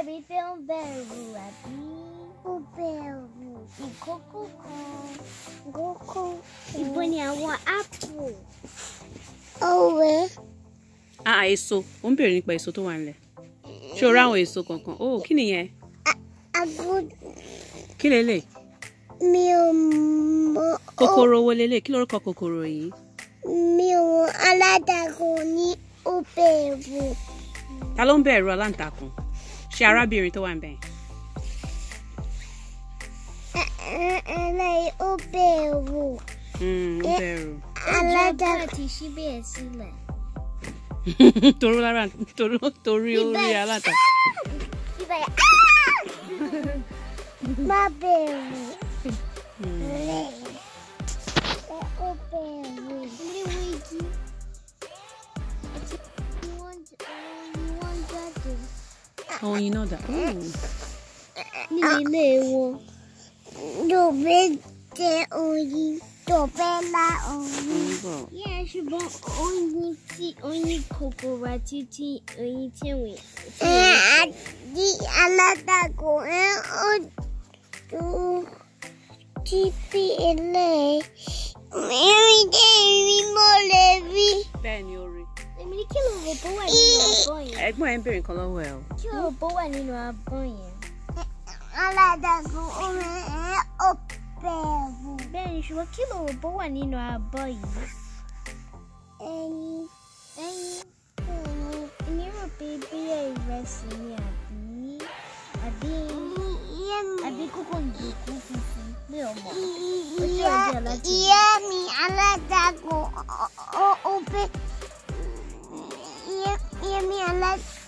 Arábìnrin fẹ́ ń bẹ̀rù àbí ó bẹ̀rù ìkókó kan. Ìkókó. Ibo ni àwọn ápù? Owe. A èso, ó ń bèrè nípa èso tó wà nílẹ̀. Ṣé o Oh, èso kankan? Ó oh, kí nìyẹn? Àgùdù. Kí lélẹ̀? Mi ò lele. Kòkòrò wo lélẹ̀? Kí lórúkọ kòkòrò yìí? Mi ò mọ aláǹtakùn ní ó bẹ̀rù. Ta ló ń ṣe arábìnrin tó wà ń bẹ̀. ẹlẹ́ ó bẹ̀rù. Hmm, ó alájà ti ṣí bẹ́ẹ̀ sílẹ̀. toró lára toró torí orí aláta. Ah! má bẹ̀rù. Oh, you know that. Ooh. Yeah, she bought only tea, only cocoa, but tea, only tea. And another go and do TPLA. Mary, Mary, Mary. Ben, you're right. Emily, kill her, boy. abọ́n yẹn. ẹ̀gbọ́n ẹ̀ ń bèrè nǹkan lọ́wọ́ ẹ o. kí òbó wà nínú abọ́n yẹn. aládàgbò omi ẹ̀ ò bẹ̀rù. bẹ́ẹ̀ni ṣùgbọ́n kí òbó wà nínú abọ́n yìí. ẹyin ẹyin ẹyin èmi rò pé bíyà ìrẹsì ni àbí àbí àbí kókó ìdòkú funfun pé ọmọ ó jẹ́ ìyá mi aládàgbò ó ó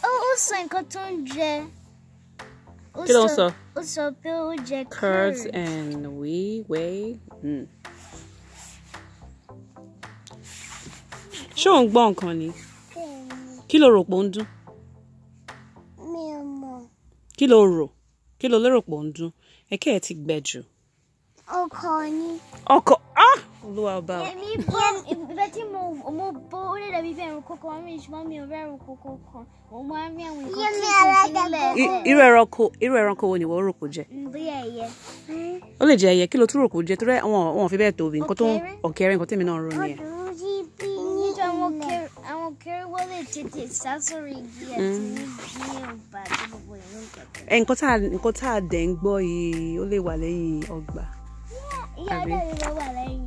ó sọ nǹkan tó ń jẹ. kí ló ń sọ. ó sọ pé ó jẹ curd. curd and whey whey. Hmm. ṣé ò ń gbọ́ nǹkan ni kí lo rò pé ó ń dún. mi ò mọ̀. kí lo rò kí lo lérò pé ń dún ẹ̀kẹ́ ẹ̀ ti gbẹ jù ọkọ ni. ọkọ olúwa ọba. èmi bọ́ ibẹ̀ tí mo mo bó ó lè dàbí bẹ́ẹ̀ ẹ̀rùn kókó àmì ìṣùgbọ́n mi ò rẹ́rùn kókó kan mo máa ń rí àwọn nǹkan tí kò sí nílẹ̀. irú ẹranko irú ẹranko wo ni ìwọ rò kó jẹ. bí ẹyẹ. Hmm? ó lè jẹ ẹyẹ kí ló tún rò kó jẹ torí àwọn àwọn fi bẹ́ẹ̀ tóbi nǹkan tó ń ọ̀kẹ́rẹ́ nǹkan tèmi náà rò nìyẹn. àwọn kéré wọ́n lè tètè sá sórí igi àti hmm. ní ọgbà tó gbogbo ìlú nǹkan tá a dẹ̀ ń gbọ́ yìí ó lè wà lẹ́yìn ọgbà. 爷爷也玩了。